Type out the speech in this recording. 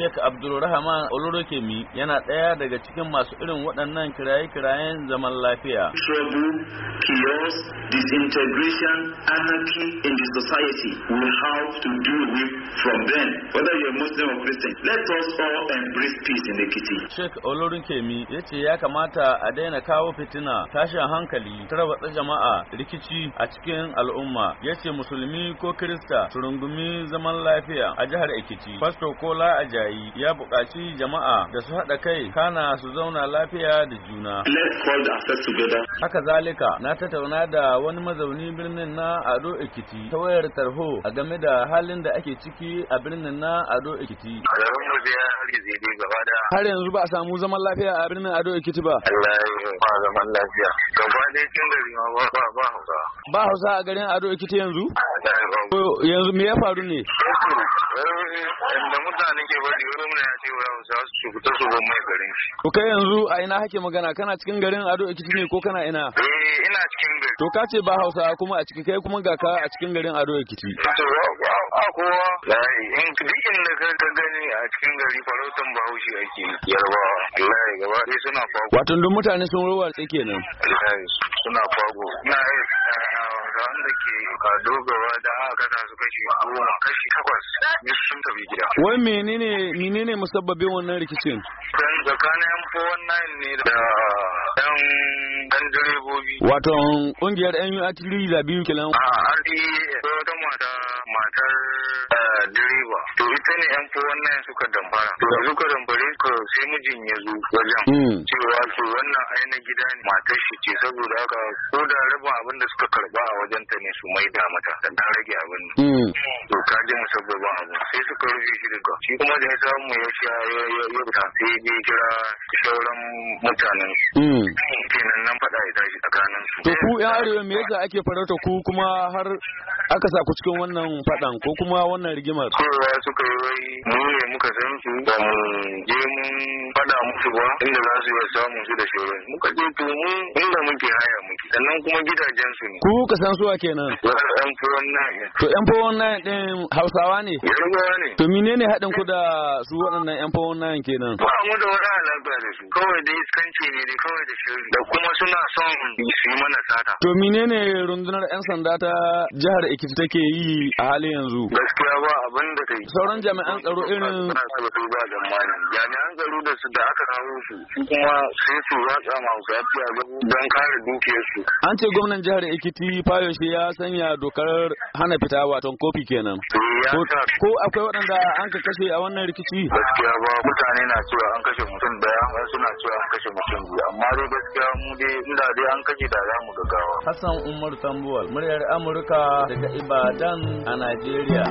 Sheikh Abdulrahman Olorokemi yana ɗaya daga cikin masu irin waɗannan kiraye-kirayen zaman lafiya. Trouble, chaos, disintegration, anarchy in the society we have to deal with from then whether you're Muslim or Christian. Let us all embrace peace in Ekiti. Sheikh Olorokemi ya ce ya kamata a daina kawo fitina, tashin hankali, tarwatsa jama'a, rikici a cikin al'umma. Ya ce musulmi ko Kirista su rungumi zaman lafiya a jihar Ekiti. Fasto Kola Ajayi yi ya buƙaci jama'a da su haɗa kai kana su zauna lafiya da juna. Haka zalika na tattauna da wani mazauni birnin na Ado Ekiti ta wayar tarho a game da halin da ake ciki a birnin na Ado Ekiti. Har yanzu ba a samu zaman lafiya a birnin Ado Ekiti ba. ba lafiya. Gaba ba hausa. Ba hausa a garin Ado Ekiti yanzu? yanzu me ya faru ne da mutanen ke bari wani mun ya ce wa hausa su fita su bar mai garin shi to kai yanzu a ina hake magana kana cikin garin Ado Ekiti ne ko kana ina eh ina cikin garin to ka ce ba hausa kuma a cikin kai kuma ga ka a cikin garin Ado Ekiti to a kowa lai in duk inda ka gani a cikin gari farautan bahaushe ake yarbawa lai gaba dai suna fago wato duk mutane sun ruwa yi suna fago na eh, jami'an da ke dogawa da aka kada su kashi goma kashi takwas ne sun tafi gida. Wai menene menene musabbabin wannan rikicin? Dan tsakanin yan fo wannan ne da yan dan direbobi. Wato kungiyar yan yi da biyu kenan. A ardi wata mata matar eh, direba. To ita ne yan fo wannan suka damfara. To suka damfare ka sai mijin ya zo wajen. Hmm. Cewa to wannan aina gida ne matar shi ce saboda haka ko da rabin abin da suka karɓa. ne su maida mata da dan rage abin nan hmm. to ka ji musabbabin abu sai suka rufe shi duka shi kuma da ya samu ya sha ya rubuta sai ya kira sauran mutanen hmm. kenan nan faɗa ya tashi tsakanin su to ku yan arewa me yasa ake farauta ku kuma har aka sa ku cikin wannan faɗan ko kuma wannan rigimar kowa suka yi wai mu ne muka san su ba mu je mun Fada musu ba inda za su iya samun su da shauran muka je to mu inda muke haya muke sannan kuma gidajen su ne ku ka san su kenan know. yan furon nine to yan furon nine din hausawa ne yarbawa ne to haɗin ku da su waɗannan yan furon nine kenan ba mu da wani alaƙa da su kawai da iskanci ne da kawai da shiri da kuma suna son su yi mana sata to ne rundunar yan sanda ta jihar Ekiti take yi a halin yanzu gaskiya ba abin da ta yi sauran jami'an tsaro irin jami'an tsaro da su da aka kawo su kuma sai su watsa ma hausa don kare dukiyarsu an ce gwamnan jihar Ekiti Fayoshe ya sanya doka dokar hana fita waton kofi kenan ko akwai waɗanda an ka kashe a wannan rikici gaskiya ba mutane na cewa an kashe mutum daya wasu na cewa an kashe mutum biyu amma dai gaskiya mu dai inda dai an kashe da za mu gaggawa Hassan Umar Tambuwal muryar Amurka daga Ibadan a Najeriya